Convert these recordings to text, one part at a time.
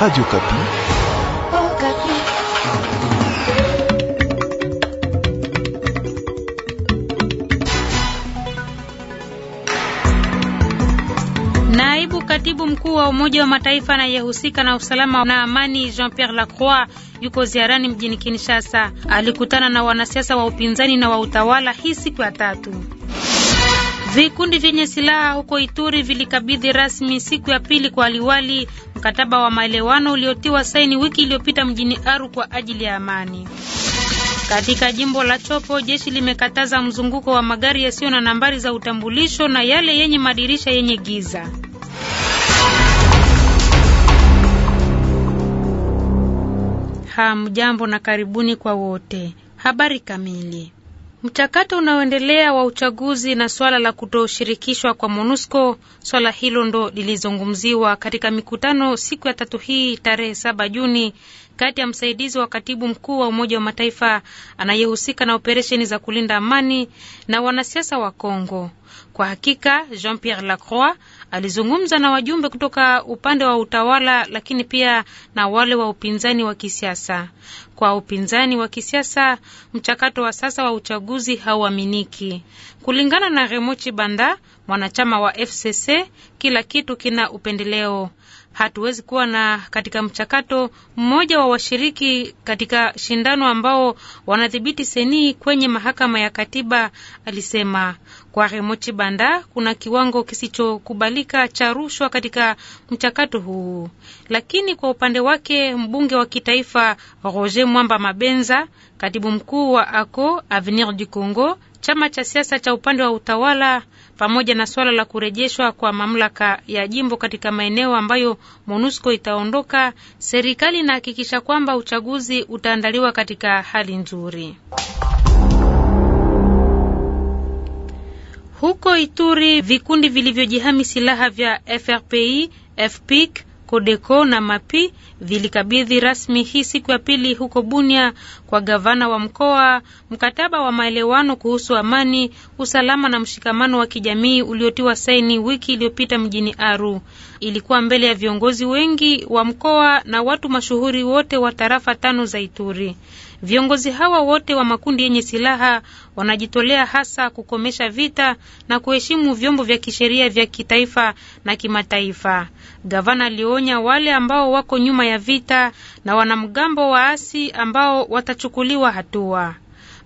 Radio Kapi. Oh, Kapi. Naibu Katibu Mkuu wa Umoja wa Mataifa anayehusika na usalama na amani, Jean-Pierre Lacroix yuko ziarani mjini Kinshasa. Alikutana na wanasiasa wa upinzani na wa utawala hii siku ya tatu. Vikundi vyenye silaha huko Ituri vilikabidhi rasmi siku ya pili kwa liwali mkataba wa maelewano uliotiwa saini wiki iliyopita mjini Aru kwa ajili ya amani. Katika jimbo la Chopo, jeshi limekataza mzunguko wa magari yasiyo na nambari za utambulisho na yale yenye madirisha yenye giza. Hamjambo na karibuni kwa wote. Habari kamili. Mchakato unaoendelea wa uchaguzi na swala la kutoshirikishwa kwa MONUSCO, swala hilo ndo lilizungumziwa katika mikutano siku ya tatu hii tarehe saba Juni kati ya msaidizi wa katibu mkuu wa Umoja wa Mataifa anayehusika na operesheni za kulinda amani na wanasiasa wa Kongo. Kwa hakika Jean Pierre Lacroix Alizungumza na wajumbe kutoka upande wa utawala, lakini pia na wale wa upinzani wa kisiasa. Kwa upinzani wa kisiasa, mchakato wa sasa wa uchaguzi hauaminiki. Kulingana na Remochi Banda, mwanachama wa FCC, kila kitu kina upendeleo. Hatuwezi kuwa na katika mchakato mmoja wa washiriki katika shindano ambao wanadhibiti senii kwenye mahakama ya katiba, alisema. Kwa Remochi Banda kuna kiwango kisichokubalika cha rushwa katika mchakato huu. Lakini kwa upande wake mbunge wa kitaifa Roger Mwamba Mabenza, katibu mkuu wa ACO Avenir du Congo, chama cha siasa cha upande wa utawala, pamoja na swala la kurejeshwa kwa mamlaka ya jimbo katika maeneo ambayo MONUSCO itaondoka, serikali inahakikisha kwamba uchaguzi utaandaliwa katika hali nzuri. Huko Ituri, vikundi vilivyojihami silaha vya FRPI, FPIC, Kodeko na Mapi vilikabidhi rasmi hii siku ya pili huko Bunia kwa gavana wa mkoa mkataba wa maelewano kuhusu amani, usalama na mshikamano wa kijamii uliotiwa saini wiki iliyopita mjini Aru. Ilikuwa mbele ya viongozi wengi wa mkoa na watu mashuhuri wote wa tarafa tano za Ituri. Viongozi hawa wote wa makundi yenye silaha wanajitolea hasa kukomesha vita na kuheshimu vyombo vya kisheria vya kitaifa na kimataifa. Gavana alionya wale ambao wako nyuma ya vita na wanamgambo waasi ambao watachukuliwa hatua.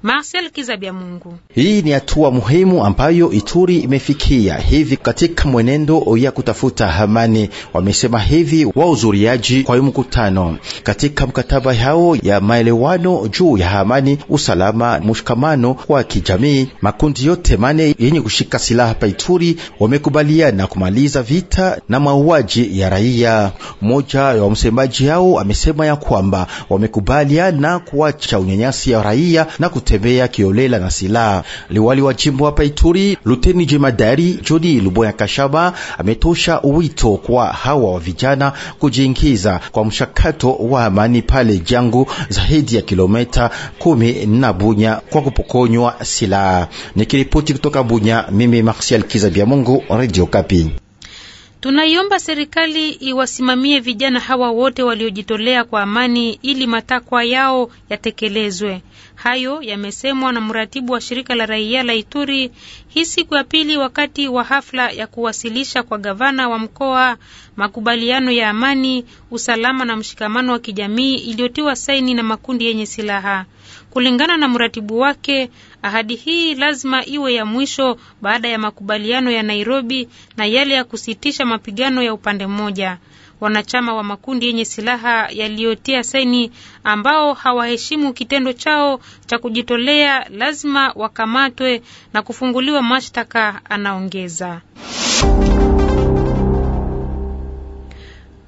Marcel Kizabia Mungu. Hii ni hatua muhimu ambayo Ituri imefikia hivi katika mwenendo ya kutafuta amani. Wamesema hivi wa uzuriaji kwa mkutano katika mkataba hao ya maelewano juu ya amani, usalama, mshikamano wa kijamii. Makundi yote mane yenye kushika silaha pa Ituri wamekubaliana kumaliza vita na mauaji ya raia. Mmoja wa msemaji hao amesema ya kwamba wamekubaliana kuacha unyanyasi ya raia na kute wanatembea kiolela na silaha. Liwali wa jimbo hapa Ituri, Luteni Jemadari Jodi Luboya Kashaba, ametosha wito kwa hawa wa vijana kujiingiza kwa mshakato wa amani pale Jangu, zaidi ya kilometa kumi na Bunya kwa kupokonywa silaha. Nikiripoti kutoka Bunya, mimi Marsial Kiza biamungu Radio Kapi. Tunaiomba serikali iwasimamie vijana hawa wote waliojitolea kwa amani ili matakwa yao yatekelezwe. Hayo yamesemwa na mratibu wa shirika la raia la Ituri hii siku ya pili wakati wa hafla ya kuwasilisha kwa gavana wa mkoa makubaliano ya amani, usalama na mshikamano wa kijamii iliyotiwa saini na makundi yenye silaha. Kulingana na mratibu wake, ahadi hii lazima iwe ya mwisho baada ya makubaliano ya Nairobi na yale ya kusitisha mapigano ya upande mmoja. Wanachama wa makundi yenye silaha yaliyotia saini ambao hawaheshimu kitendo chao cha kujitolea lazima wakamatwe na kufunguliwa mashtaka, anaongeza.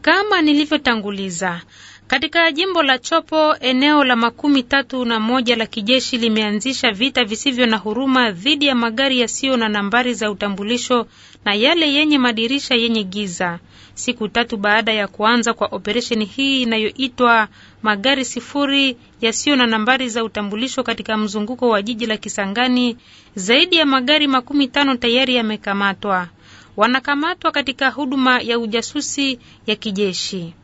Kama nilivyotanguliza katika jimbo la Chopo, eneo la makumi tatu na moja la kijeshi limeanzisha vita visivyo na huruma dhidi ya magari yasiyo na nambari za utambulisho na yale yenye madirisha yenye giza. Siku tatu baada ya kuanza kwa operesheni hii inayoitwa magari sifuri yasiyo na nambari za utambulisho katika mzunguko wa jiji la Kisangani, zaidi ya magari makumi tano tayari yamekamatwa. Wanakamatwa katika huduma ya ujasusi ya kijeshi.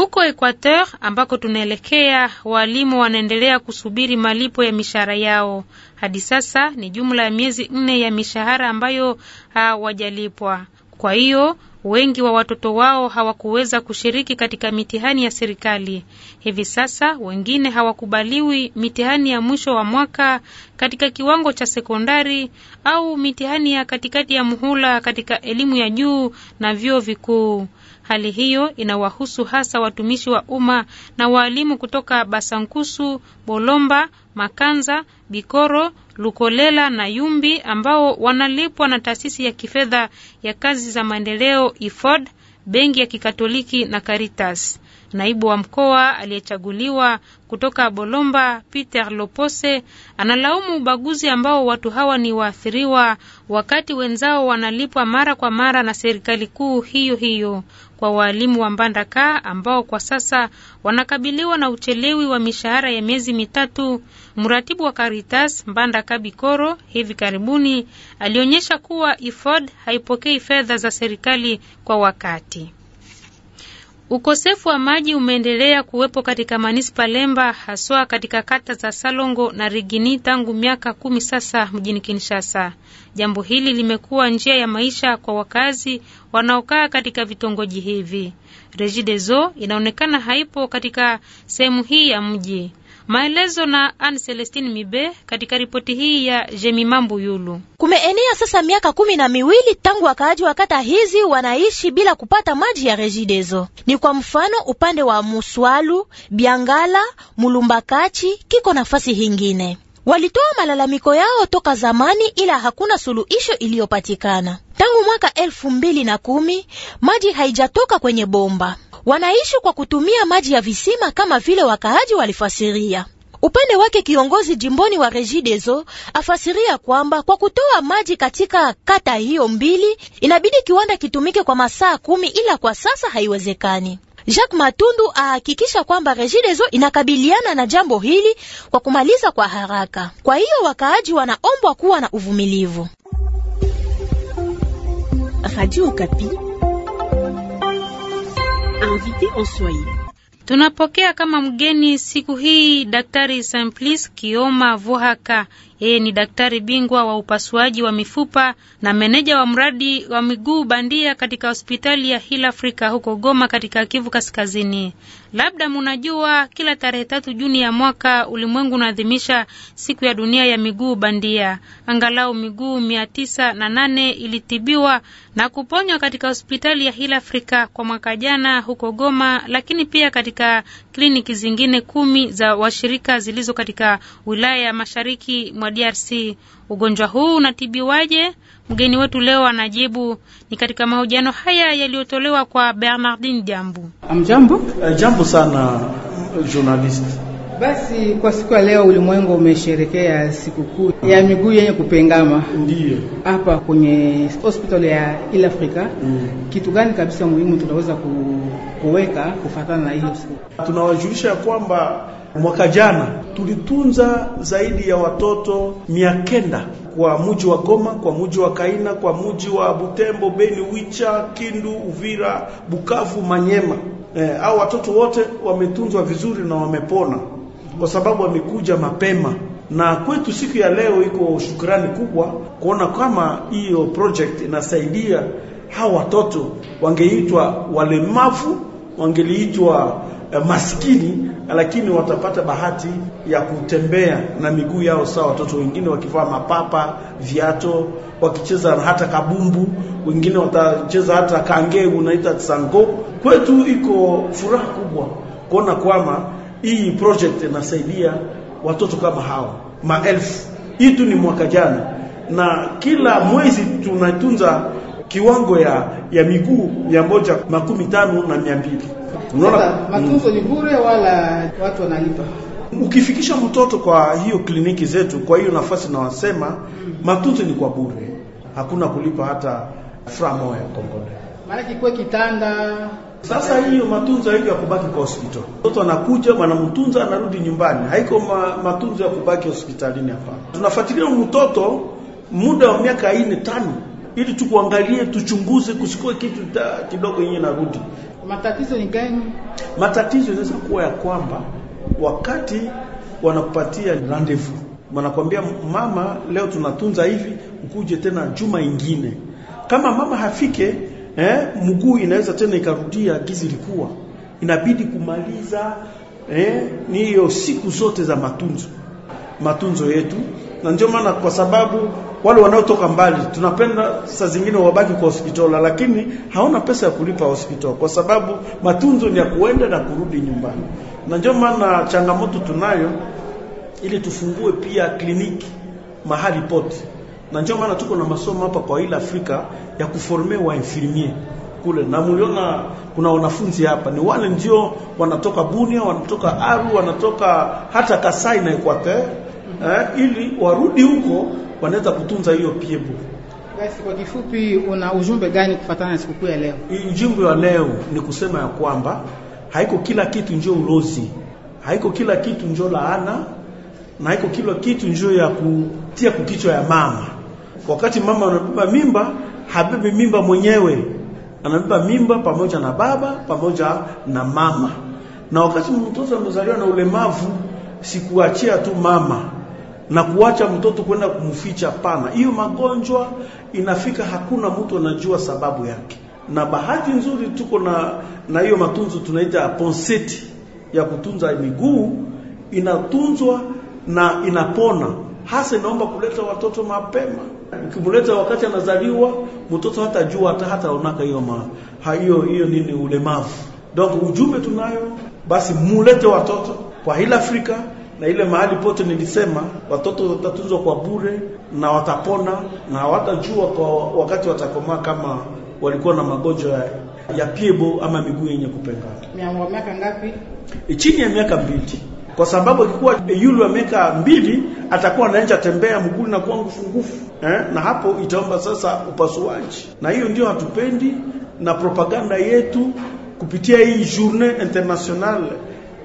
Huko Equateur ambako tunaelekea, walimu wanaendelea kusubiri malipo ya mishahara yao. Hadi sasa ni jumla ya miezi nne ya mishahara ambayo hawajalipwa. Kwa hiyo wengi wa watoto wao hawakuweza kushiriki katika mitihani ya serikali. Hivi sasa wengine hawakubaliwi mitihani ya mwisho wa mwaka katika kiwango cha sekondari au mitihani ya katikati ya muhula katika elimu ya juu na vyuo vikuu. Hali hiyo inawahusu hasa watumishi wa umma na waalimu kutoka Basankusu, Bolomba, Makanza, Bikoro, Lukolela na Yumbi ambao wanalipwa na taasisi ya kifedha ya kazi za maendeleo IFOD, benki ya Kikatoliki na Caritas. Naibu wa mkoa aliyechaguliwa kutoka Bolomba, Peter Lopose, analaumu ubaguzi ambao watu hawa ni waathiriwa, wakati wenzao wanalipwa mara kwa mara na serikali kuu hiyo hiyo kwa waalimu wa Mbandaka ambao kwa sasa wanakabiliwa na uchelewi wa mishahara ya miezi mitatu. Mratibu wa Caritas Mbandaka Bikoro hivi karibuni alionyesha kuwa IFOD haipokei fedha za serikali kwa wakati. Ukosefu wa maji umeendelea kuwepo katika manispa Lemba, haswa katika kata za Salongo na Rigini tangu miaka kumi sasa mjini Kinshasa. Jambo hili limekuwa njia ya maisha kwa wakazi wanaokaa katika vitongoji hivi. Regideso inaonekana haipo katika sehemu hii ya mji. Maelezo na Anne Celestine Mibe katika ripoti hii ya Mambu Yulu. Kumeenea sasa miaka kumi na miwili tangu wakaaji wa kata hizi wanaishi bila kupata maji ya Rejidezo. Ni kwa mfano upande wa Muswalu, Biangala, Mulumbakachi kiko nafasi hingine walitoa malalamiko yao toka zamani, ila hakuna suluhisho iliyopatikana tangu mwaka elfu mbili na kumi. Maji haijatoka kwenye bomba wanaishi kwa kutumia maji ya visima kama vile wakaaji walifasiria. Upande wake kiongozi jimboni wa Regideso afasiria kwamba kwa kutoa maji katika kata hiyo mbili inabidi kiwanda kitumike kwa masaa kumi, ila kwa sasa haiwezekani. Jacques Matundu ahakikisha kwamba Regideso inakabiliana na jambo hili kwa kumaliza kwa haraka. Kwa hiyo wakaaji wanaombwa kuwa na uvumilivu. Radio invité en Swahili. Tunapokea kama mgeni siku hii Daktari Simplice Kioma Vohaka. Yeye ni daktari bingwa wa upasuaji wa mifupa na meneja wa mradi wa miguu bandia katika hospitali ya Hill Africa huko Goma katika Kivu Kaskazini. Labda munajua kila tarehe tatu Juni ya mwaka ulimwengu unaadhimisha siku ya dunia ya miguu bandia. Angalau miguu mia tisa na nane ilitibiwa na kuponywa katika hospitali ya Hill Africa kwa mwaka jana huko Goma, lakini pia katika kliniki zingine kumi za washirika zilizo katika wilaya ya mashariki mwa DRC. Ugonjwa huu unatibiwaje? Mgeni wetu leo anajibu, ni katika mahojiano haya yaliyotolewa kwa Bernardin Jambu. Amjambo. Eh, jambo sana journalist. Basi kwa siku ya leo ulimwengu umesherekea sikukuu ya miguu yenye kupengama. ndio Hapa kwenye hospital ya Il Africa mm. Kitu gani kabisa muhimu tunaweza ku kuweka kufatana na hiyo siku. Tunawajulisha ya kwamba mwaka jana tulitunza zaidi ya watoto mia kenda kwa muji wa Goma, kwa muji wa Kaina, kwa muji wa Butembo, Beni, Wicha, Kindu, Uvira, Bukavu, Manyema. Eh, au watoto wote wametunzwa vizuri na wamepona kwa sababu wamekuja mapema na kwetu siku ya leo iko shukrani kubwa kuona kama hiyo project inasaidia. Hawa watoto wangeitwa walemavu wangeliitwa eh, maskini, lakini watapata bahati ya kutembea na miguu yao sawa watoto wengine, wakivaa mapapa, viato, wakicheza hata kabumbu, wengine watacheza hata kange, unaita tsango. Kwetu iko furaha kubwa kuona kwamba hii project inasaidia watoto kama hao maelfu. Hii tu ni mwaka jana, na kila mwezi tunatunza kiwango ya ya miguu mia moja makumi tano na mia mbili. Unaona, matunzo ni bure wala watu wanalipa ukifikisha mtoto kwa hiyo kliniki zetu. Kwa hiyo nafasi nawasema matunzo ni kwa bure, hakuna kulipa hata fra moya Kongole, maana kikuwe kitanda sasa hiyo matunzo haiko ya kubaki kwa hospitali. Mtoto anakuja wanamtunza, anarudi nyumbani, haiko ma, matunzo ya kubaki hospitalini. hapa tunafuatilia mtoto muda wa miaka ine tano ili tukuangalie, tuchunguze, kusikoe kitu kidogo yenye narudi. Matatizo ni gani? Matatizo inaweza kuwa ya kwamba wakati wanakupatia rendezvous, wanakwambia mama, leo tunatunza hivi, ukuje tena juma ingine. Kama mama hafike eh, mguu inaweza tena ikarudia gizi likuwa, inabidi kumaliza eh, ni hiyo siku zote za matunzo matunzo yetu, na ndio maana kwa sababu wale wanaotoka mbali tunapenda saa zingine wabaki kwa hospitali, lakini haona pesa ya kulipa hospitali, kwa sababu matunzo ni ya kuenda na kurudi nyumbani. Na ndio maana changamoto tunayo, ili tufungue pia kliniki mahali pote, na ndio maana tuko na masomo hapa kwa ile Afrika ya kuforme wa infirmier kule na mliona kuna wanafunzi hapa, ni wale ndio wanatoka Bunia, wanatoka Aru, wanatoka hata Kasai na Ekwate, eh, ili warudi huko wanaweza kutunza hiyo piebo. Basi kwa kifupi, una ujumbe gani kufatana na sikukuu ya leo? Ujumbe wa leo ni kusema ya kwamba haiko kila kitu njoo ulozi, haiko kila kitu njoo laana, na haiko kila kitu njoo ya kutia kukichwa ya mama. Wakati mama anabeba mimba, habebi mimba mwenyewe, anabeba mimba pamoja na baba pamoja na mama. Na wakati mtoto amezaliwa na ulemavu, sikuachia tu mama na kuacha mtoto kwenda kumficha. Pana, hiyo magonjwa inafika, hakuna mtu anajua sababu yake. Na bahati nzuri tuko na na hiyo matunzo tunaita ponseti ya kutunza miguu, inatunzwa na inapona. Hasa inaomba kuleta watoto mapema. Ukimleta wakati anazaliwa mtoto hatajua hata onaka hiyo ma hiyo hiyo nini ulemavu. Donc ujumbe tunayo basi, mulete watoto kwa hili Afrika na ile mahali pote nilisema watoto watatuzwa kwa bure na watapona na hawatajua kwa wakati watakomaa kama walikuwa na magonjwa ya, ya piebo ama miguu yenye kupengana. Miaka ngapi? E, chini ya miaka mbili, kwa sababu ikikuwa yule wa miaka mbili atakuwa anaenja tembea mguu na kuwa ngufungufu eh, na hapo itaomba sasa upasuaji, na hiyo ndio hatupendi na propaganda yetu kupitia hii journée internationale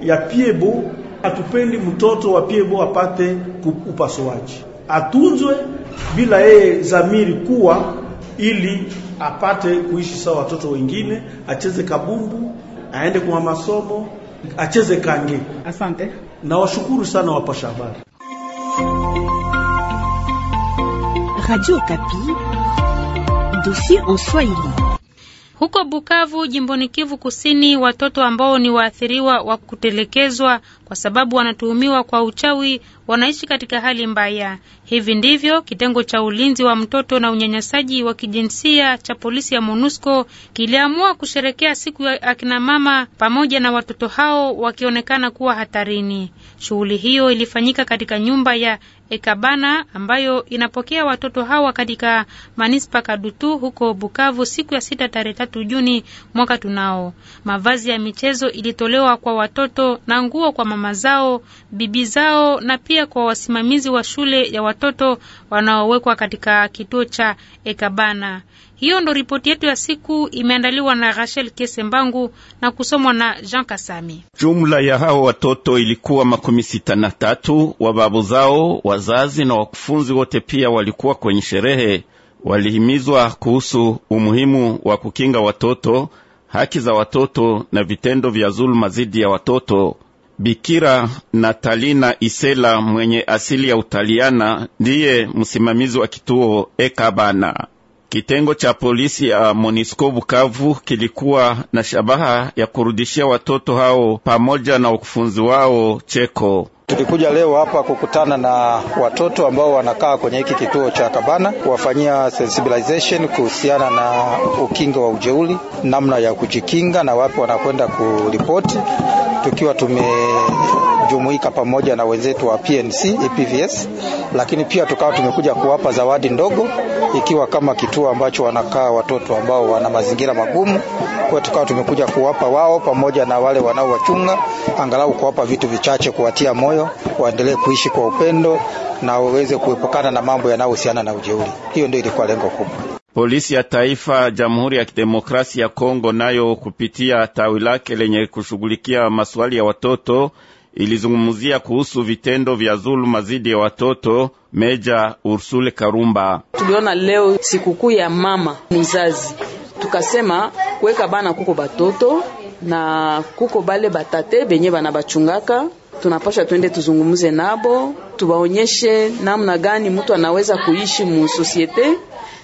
ya piebo hatupendi mtoto wa piebo apate upasuaji, atunzwe bila yeye zamiri kuwa, ili apate kuishi sawa watoto wengine, acheze kabumbu, aende kwa masomo, acheze kange. Asante na washukuru sana wapasha habari Radio Kapi, dossier en Swahili. Huko Bukavu, jimboni Kivu Kusini, watoto ambao ni waathiriwa wa kutelekezwa kwa sababu wanatuhumiwa kwa uchawi wanaishi katika hali mbaya. Hivi ndivyo kitengo cha ulinzi wa mtoto na unyanyasaji wa kijinsia cha polisi ya MONUSCO kiliamua kusherekea siku ya akinamama pamoja na watoto hao wakionekana kuwa hatarini. Shughuli hiyo ilifanyika katika nyumba ya Ekabana ambayo inapokea watoto hawa katika manispa Kadutu huko Bukavu siku ya sita tarehe tatu Juni mwaka tunao. Mavazi ya michezo ilitolewa kwa watoto na nguo kwa mama zao, bibi zao na pia kwa wasimamizi wa shule ya watoto wanaowekwa katika kituo cha Ekabana. Hiyo ndo ripoti yetu ya siku imeandaliwa na Rachel Kesembangu na kusomwa na Jean Kasami. Jumla ya hao watoto ilikuwa makumi sita na tatu. Wababu zao, wazazi na wakufunzi wote pia walikuwa kwenye sherehe. Walihimizwa kuhusu umuhimu wa kukinga watoto, haki za watoto na vitendo vya zuluma dhidi ya watoto. Bikira Natalina Isela mwenye asili ya Utaliana ndiye msimamizi wa kituo Ekabana. Kitengo cha polisi ya Monisco Bukavu kilikuwa na shabaha ya kurudishia watoto hao pamoja na ukufunzi wao cheko. Tulikuja leo hapa kukutana na watoto ambao wanakaa kwenye hiki kituo cha Kabana kuwafanyia sensibilization kuhusiana na ukingo wa ujeuli namna ya kujikinga na wapi wanakwenda kuripoti, tukiwa tume kujumuika pamoja na wenzetu wa PNC EPVS, lakini pia tukawa tumekuja kuwapa zawadi ndogo, ikiwa kama kituo ambacho wanakaa watoto ambao wana mazingira magumu. Kwa tukawa tumekuja kuwapa wao pamoja na wale wanaowachunga, angalau kuwapa vitu vichache, kuwatia moyo waendelee kuishi kwa upendo na waweze kuepukana na mambo yanayohusiana na ujeuri. Hiyo ndio ilikuwa lengo kubwa. Polisi ya Taifa Jamhuri ya Kidemokrasia ya Kongo nayo kupitia tawi lake lenye kushughulikia maswali ya watoto ilizungumzia kuhusu vitendo vya dhuluma dhidi ya watoto. Meja Ursule Karumba: tuliona leo sikukuu ya mama mzazi, tukasema kuweka bana kuko batoto na kuko bale batate benye bana bachungaka tunapasha twende tuzungumze nabo, tubaonyeshe namna gani mtu anaweza kuishi mu sosiete,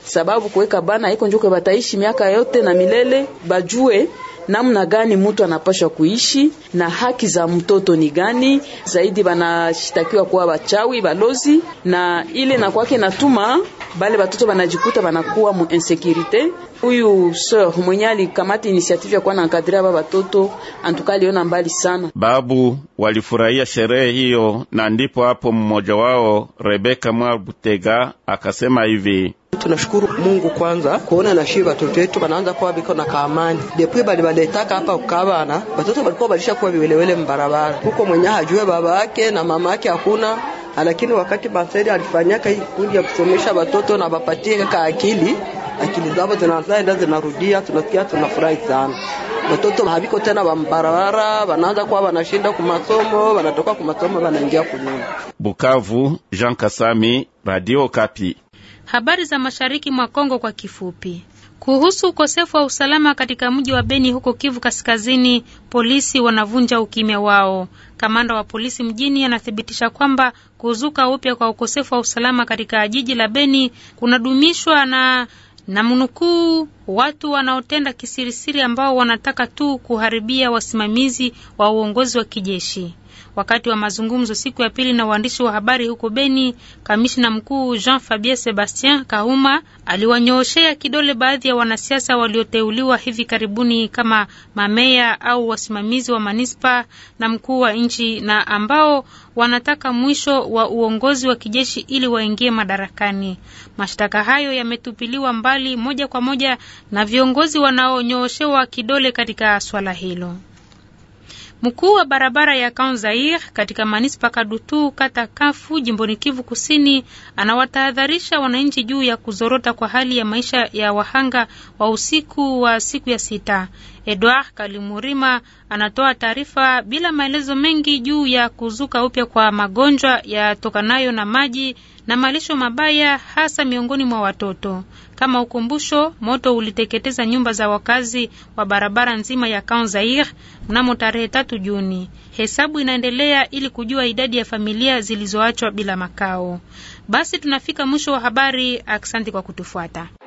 sababu kuweka bana iko njuko bataishi miaka yote na milele, bajue namna gani mtu anapashwa kuishi na haki za mtoto ni gani. Zaidi banashitakiwa kuwa wachawi, balozi, na ile na kwake natuma bale batoto banajikuta banakuwa mu insecurite huyu sir mwenye alikamata inisiative ya kuwa na nkadiri aba batoto antuka aliona mbali sana. Babu walifurahia sherehe hiyo, na ndipo hapo mmoja wao Rebeka Mwabutega akasema hivi: Tunashukuru Mungu kwanza kuona na shii watoto wetu wanaanza kuwa biko na kaamani. Depuis bali banaitaka hapa kukabana, watoto walikuwa balisha kuwa viwelewele mbarabara huko, mwenye hajue baba yake na mama yake hakuna lakini wakati Banseri alifanyaka hii kundi ya kusomesha watoto na bapatie kaka akili akili zao zinazaenda zinarudia, tunasikia tunafurahi sana. Watoto haviko tena wambarabara wanaanza kuwa wanashinda kumasomo, wanatoka kumasomo wanaingia kunyumba. Bukavu, Jean Kasami, Radio Kapi. Habari za mashariki mwa Kongo kwa kifupi. Kuhusu ukosefu wa usalama katika mji wa Beni huko Kivu Kaskazini, polisi wanavunja ukimya wao. Kamanda wa polisi mjini anathibitisha kwamba kuzuka upya kwa ukosefu wa usalama katika jiji la Beni kunadumishwa na na munukuu watu wanaotenda kisirisiri ambao wanataka tu kuharibia wasimamizi wa uongozi wa kijeshi. Wakati wa mazungumzo siku ya pili na waandishi wa habari huko Beni, kamishna mkuu Jean Fabien Sebastien Kahuma aliwanyooshea kidole baadhi ya wanasiasa walioteuliwa hivi karibuni kama mameya au wasimamizi wa manispa na mkuu wa nchi na ambao wanataka mwisho wa uongozi wa kijeshi ili waingie madarakani. Mashtaka hayo yametupiliwa mbali moja kwa moja na viongozi wanaonyooshewa kidole katika swala hilo. Mkuu wa barabara ya zair katika manispa Kadutu kata Kafu jimboni Kivu Kusini anawatahadharisha wananchi juu ya kuzorota kwa hali ya maisha ya wahanga wa usiku wa siku ya sita. Edouard Kalimurima anatoa taarifa bila maelezo mengi juu ya kuzuka upya kwa magonjwa yatokanayo na maji na malisho mabaya hasa miongoni mwa watoto. Kama ukumbusho, moto uliteketeza nyumba za wakazi wa barabara nzima ya Kan Zaire mnamo tarehe tatu Juni. Hesabu inaendelea ili kujua idadi ya familia zilizoachwa bila makao. Basi tunafika mwisho wa habari. Asante kwa kutufuata.